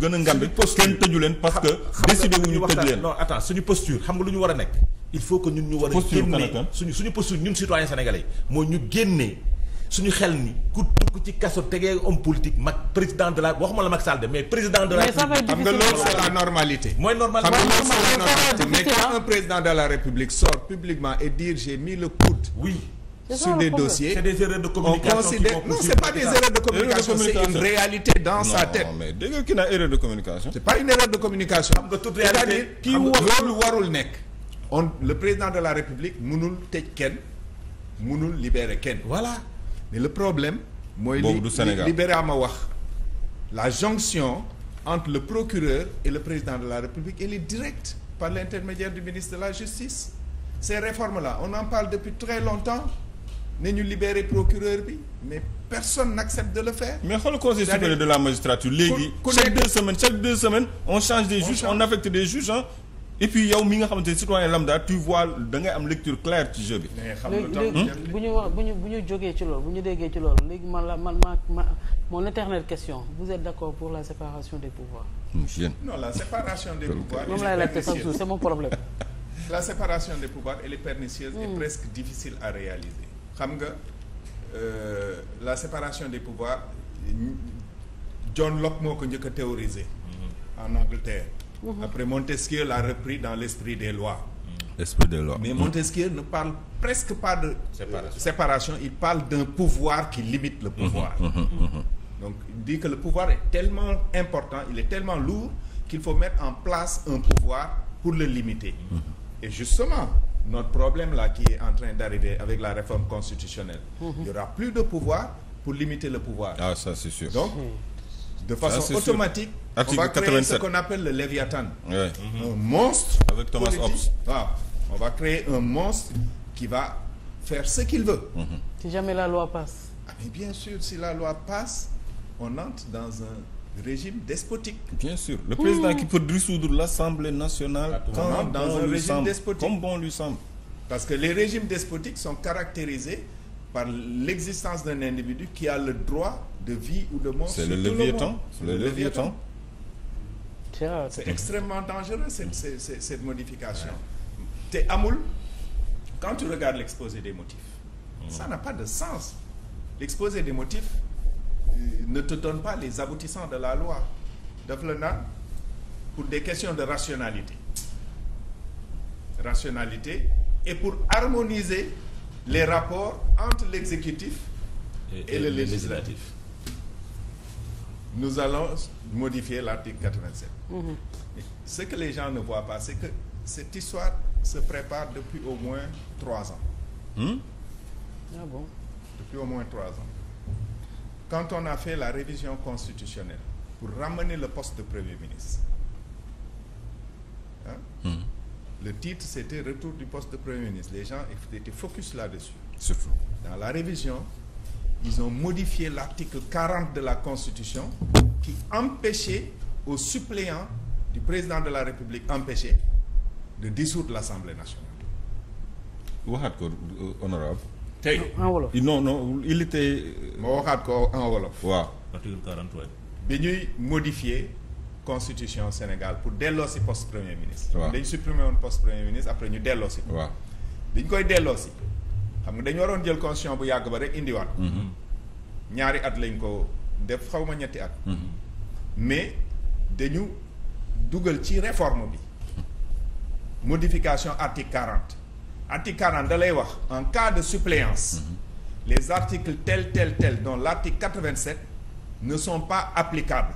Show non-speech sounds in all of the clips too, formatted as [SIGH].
gën a ngand kenn tëju leen parce que décidé wuñu tëj leen non attends suñu posture xam nga lu ñu war a nekk il faut que ñun ñu war a génne suñu suñu posture ñun citoyen sénégalais mooy ñu génnee suñu xel ni ku dugg ci kaso tegee homme politique mag président de la waxuma la Macky Sall mais président de la République xam nga loolu c'est la normalité mooy normalité mais quand un président de la République sort publiquement et dire j'ai mis le oui sur des dossiers. C'est des erreurs de non c'est pas des erreurs de communication c'est une réalité dans sa tête. non mais dégg nga kii naa de communication. c'est pas une erreur de communication. c'est-à-dire kii loolu warul nekk. on le président de la République mënul tëj kenn mënul libérer kenn. voilà mais le problème. mooy li libéré ma wax. la jonction entre le procureur et le président de la République elle est directe par l'intermédiaire du ministre de la Justice. ces réformes-là on en parle depuis très longtemps. ne ñu libérer procureur bi mais personne n'accepte de le faire. mais xool conseil supérieur de la magistrature. léegi chaque deux semaines chaque deux semaines on change des juges on affecte des juges ah. et puis yow mi nga xamante ne citoyen lambda tu vois da am lecture claire ci jeu bi. léegi bu ñu wax bu ñu bu ñu jógee ci loolu bu ñu déggee ci loolu léegi man la man ma ma mon éternelle question vous êtes d'accord pour la séparation des pouvoirs. monsieur. non la séparation des pouvoirs. moom laay laajte chaque jour c'est mon problème. Hmm. à réaliser. xam nga euh, la séparation des pouvoirs John Locke moo ko njëkk a théorisé mm-hmm. en Angleterre mm-hmm. après Montesquieu l'a repris dans l'esprit des lois mm-hmm. l'esprit des lois mais Montesquieu ne parle presque pas de séparation, séparation il parle d'un pouvoir qui limite le pouvoir donc il dit que le pouvoir est tellement important il est tellement lourd qu'il faut mettre en place un pouvoir pour le limiter et justement notre problème là qui est en train d'arriver avec la réforme constitutionnelle. Mhm. il y aura plus de pouvoir pour limiter le pouvoir. Ah, donc mhm. de façon automatique. on va créer ce qu'on appelle mhm. ah, on va créer un monstre qui va faire ce qu'il veut. si jamais la loi passe. ah bien sûr si la loi passe on entre dans un. régime despotique. Bien sûr, le président mmh. qui peut dissoudre l'Assemblée nationale ah, quand dans bon un Comme bon lui semble. Parce que les régimes despotiques sont caractérisés par l'existence d'un individu qui a le droit de vie ou de mort. C'est le leviathan. Le le leviathan. C'est extrêmement dangereux cette, mm. modification. Ouais. Te amul, quand tu regardes l'exposé des motifs, mmh. ça n'a pas de sens. L'exposé des motifs ne te donne pas les aboutissants de la loi daf la naan pour des questions de rationalité rationalité et pour harmoniser les rapports entre l'exécutif et, et, le législatif. législatif nous allons modifier l'article 87 mmh. ce que les gens ne voient pas c'est que cette histoire se prépare depuis au moins trois ans hmm? ah bon depuis au moins trois ans quand on a fait la révision constitutionnelle pour ramener le poste de Premier ministre, hein, mmh. le titre c'était Retour du poste de Premier ministre. Les gens étaient focus là-dessus. Surtout. Dans la révision, ils ont modifié l'article 40 de la Constitution qui empêchait aux suppléants du président de la République empêchés de dissoudre l'Assemblée nationale. waxaat ko euh, honorable tey en wolof non non il était. Euh, ma waxaat ko en wolof. waaw article 43. bi ñuy modifier constitution Sénégal pour delloo si poste premier ministre. waaw dañ supprimer woon poste premier ministre après ñu delloo si. waaw bi ñu koy delloo si xam nga dañu waroon jël constitution bu yàgg ba rek indiwaat. Mm-hmm. ñaari at lañ ko def xaw ma ñetti at. Mm-hmm. mais dañu dugal ci réforme bi modification article 40. article 40 da lay wax en cas de suppléance mm -hmm. les articles tel tel tel dont l'article 87 ne sont pas applicables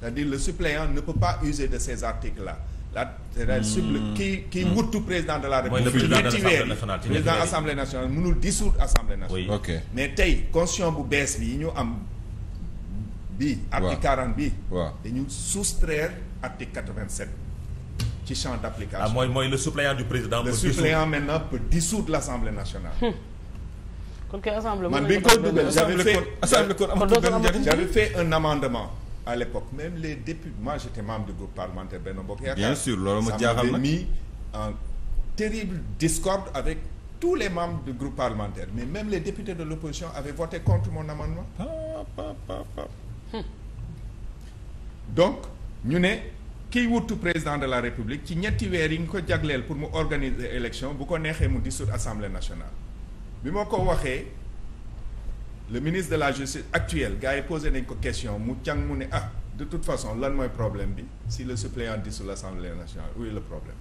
c'est-à-dire le suppléant ne peut pas user de ces articles là la mmh. suple kii kii wuttu président de la république ñetti weer yi président assemblée nationale mënul dissoudre assemblée nationale mais tey constitution bu bees bi yi ñu am bii article bi bii dañu soustraire article 87 ci champ d' application. ah mooy mooy le suppléant du président. le suppléant maintenant peut dissoudre l' nationale. Hmm. kon kay assemblée man bi ñu ko fait un amendement. à l' même les députés moi j' étais membre du groupe parlementaire Benno Bokk Yaakaar. bien sûr loolu ma na mis en terrible discorde avec tous les membres du groupe parlementaire mais même les députés de l'opposition avaient voté contre mon amendement. donc ñu ne. kiy wutu président de la république ci ñetti weer yi nga ko jagleel pour mu organiser élection bu ko neexee mu dissoudre assemblée nationale bi ma ko waxee le ministre de la justice actuel gars yi posé nañ ko question mu càng mu ne ah de toute façon lan mooy problème bi si le suppléant dissout l'assemblée nationale où est le problème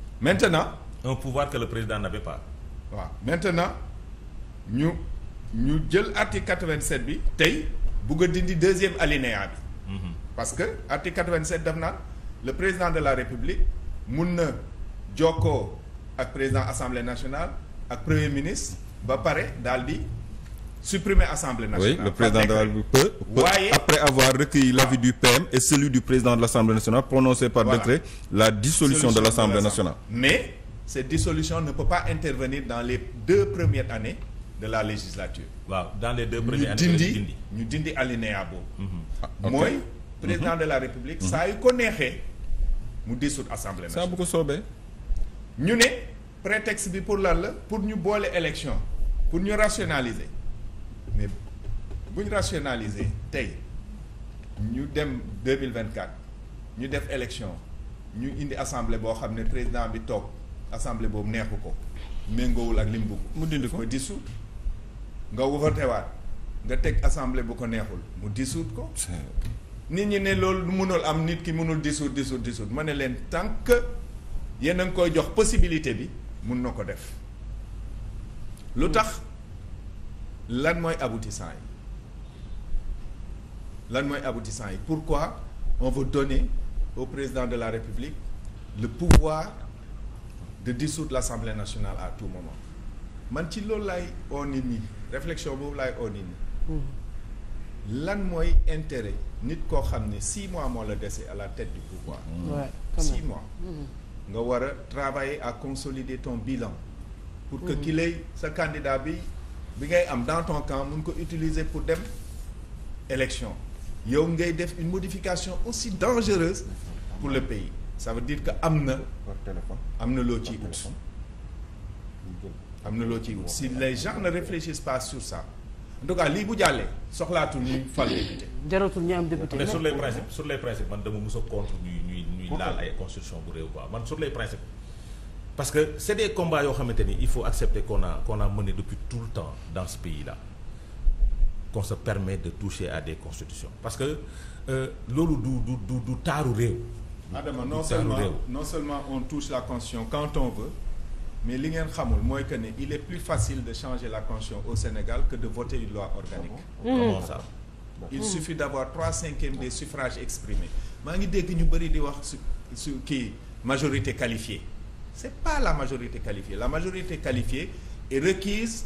[LAUGHS] maintenant un pouvoir que le président n'avait pas waaw maintenant ñu ñu jël article 87 bi tey bugg a dindi deuxième alinéa bi mm-hmm. parce que article 87 daf naan le président de la république mun na jokkoo ak président assemblée nationale ak premier ministre ba pare daal di supprimer assemblée nationale. oui le président de la république peut, peut waaye, après avoir recueilli l'avis ah, du de l'assemblée nationale prononcé mais cette dissolution ne peut pas intervenir dans les deux premières années de la législature. waaw dans les deux premières années ñu dindi ñu dindi président de la république mhm. saa yu ko neexee mu dissout assemblée nationale. saa bu ko soobee. ñu ne prétexte bi pour lan la pour ñu boole élection pour ñu rationaliser mais bu ñu tey ñu dem deux mille vingt quatre ñu def élection ñu indi assemblée boo xam ne président bi toog assemblée boobu neexu ko méngoowul ak lim bugg mu dindi ko dissout nga voté nga teg assemblée bu ko neexul mu dissout ko. nit ñi ne loolu mënul am nit ki mënul dissoudre dissoudre dissoudre ma ne leen tant que yéen a ngi koy jox possibilité bi mun na ko def lu tax lan mooy aboutissant yi lan mooy aboutissant yi pourquoi on veut donner au président de la République le pouvoir de dissoudre l'Assemblée nationale à tout moment man ci loolu lay oo nit ñi réflexion boobu laay oo nit ñi mm-hmm. lan mooy intérêt nit koo xam ne six mois moo la dese à la tête du pouvoir mmh. six mois mmh. nga war a travailler à consolider ton bilan pour que mmh. ki lay sa candidat bi bi ngay am dans ton camp mun ko utiliser pour dem élection yow ngay def une modification aussi dangereuse pour le pays ça veut dire que am na am na loo ciy wut am na loo ciy wut si les gens ne réfléchissent pas sur ça en lii bu jàllee soxlaatu ñuy fal député. jaratul ñu am député. mais sur les principes sur les principes man dama mës a contre ñuy ñuy ñuy laal ay constitution bu réew quoi man sur les principes. parce que c'est des combats yoo xamante ni il faut accepter qu'on a qu'on a mené depuis tout le temps dans pays là qu'on de toucher à des constitutions parce que euh, loolu du du du du taaru réew. Adama non seulement non seulement on touche la constitution quand on veut. mais li ngeen xamul mooy que ne il est plus facile de changer la constitution au Sénégal que de voter une loi organique. Ah comment mmh. ça. Mmh. il suffit d'avoir trois cinquièmes des suffrages exprimés maa ngi dégg ñu bëri di wax su su kii majorité qualifiée c'est pas la majorité qualifiée la majorité qualifiée est requise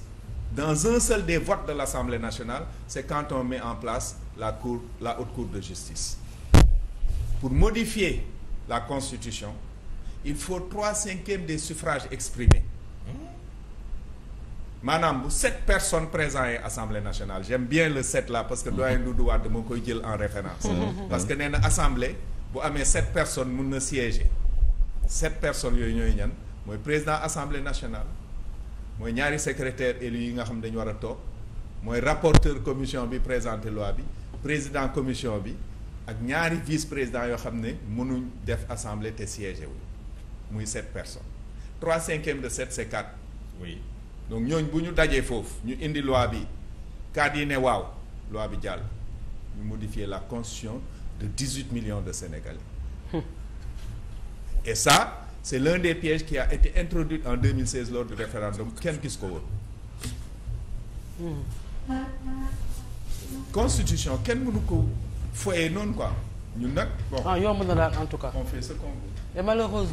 dans un seul des votes de l'Assemblée nationale c'est quand on met en place la cour la haute cour de justice pour modifier la constitution il faut trois cinquièmes des suffrages exprimés hmm? maanaam bu sept personnes présent yi assemblée nationale j'aime bien le sept la parce que du Doudou Wade moo koy jël en référence mm-hmm. Mm-hmm. parce que nee na assemblée bu amee sept personne mun na siéger sept personnes yooyu ñooy ñan mooy président assemblée nationale mooy ñaari secrétaire élu yi nga xam dañu war a toog mooy rapporteur commission bi présenté loi bi président commission bi ak ñaari vice président yoo xam ne mënuñ def assemblée te siégé wu muy sept personnes trois cinquièmes de sept c'est quatre donc ñooñ bu ñu dajee foofu ñu indi loi bi cadre yi ne waaw loi bi jàll ñu modifier la constitution de dix-huit millions de Sénégalais et ça c'est l'un des pièges qui a été introduit en 2016 lors du référendum kenn gis ko woon hmm. constitution kenn mënu ko foyee noonu quoi ñun nag bon ah yomb na daal en tout cas. on fait ce qu'on veut. et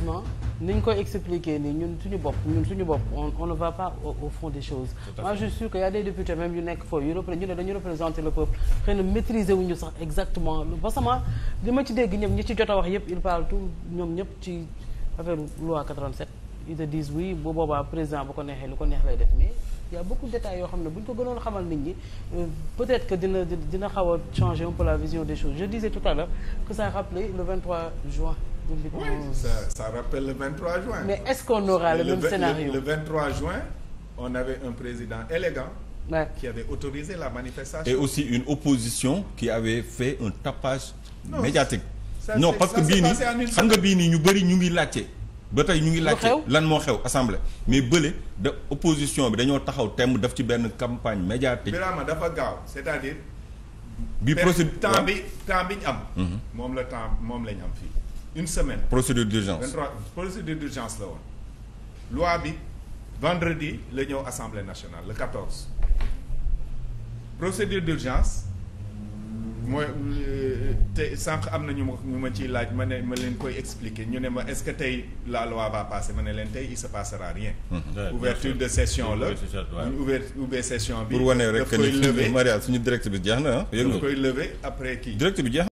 ni ñu koy expliquer nii ñun suñu bopp ñun suñu bopp on on ne va pas au, au fond des choses. je suis sûr que y a des députés même yu nekk repre ñu ne dañu représenter le peuple xëy na maîtriser wuñu sax exactement sama li ma ci dégg ñëpp ñi ci jot a wax yëpp il parle tout ñoom ñëpp ci affaire loi 87 ils te disent oui bu boobaa président bu ko neexee lu ko neex lay def mais. y a beaucoup de détails yoo xam ne bu ñu ko gënoon xamal nit ñi euh, peut-être que dina dina xaw a changer un peu la vision des choses je disais tout à l'heure que ça rappelait le 23 juin. Oui, ça ça le 23 juin. mais est-ce qu'on aura le, le scénario le, juin on avait un président élégant. Ouais. qui avait autorisé la manifestation. et aussi une opposition qui avait fait un tapage. Non, médiatique non parce ça que bii nii xam nga bii nii ñu bëri ñu ngi laajte. ba tey ñu ngi laajte lan moo xew assemblée mais bële da opposition bi dañoo taxaw temm daf ci benn campagne médiatique. Birama dafa gaaw c'est-à-dire. bi procédure temps bi temps bi am. Mhm. moom la temps moom la ñu am fii une semaine. procédure d'urgence 23 procédure d'urgence la woon. loi bi vendredi la ñëw assemblée nationale le 14. procédure d'urgence mooy euh, te sànq am na ñu ma ñu ma laaj ma ne ma leen koy expliquer ñu ne ma est-ce que tey la loi va passer ma ne leen tey il se passera rien. ouverture de session la ñu ouvert ubbee session bi. pour wane rek que ni [LAUGHS] mariage suñu direct bi jeex na ah. yëg koy lever après kii direct bi jeex.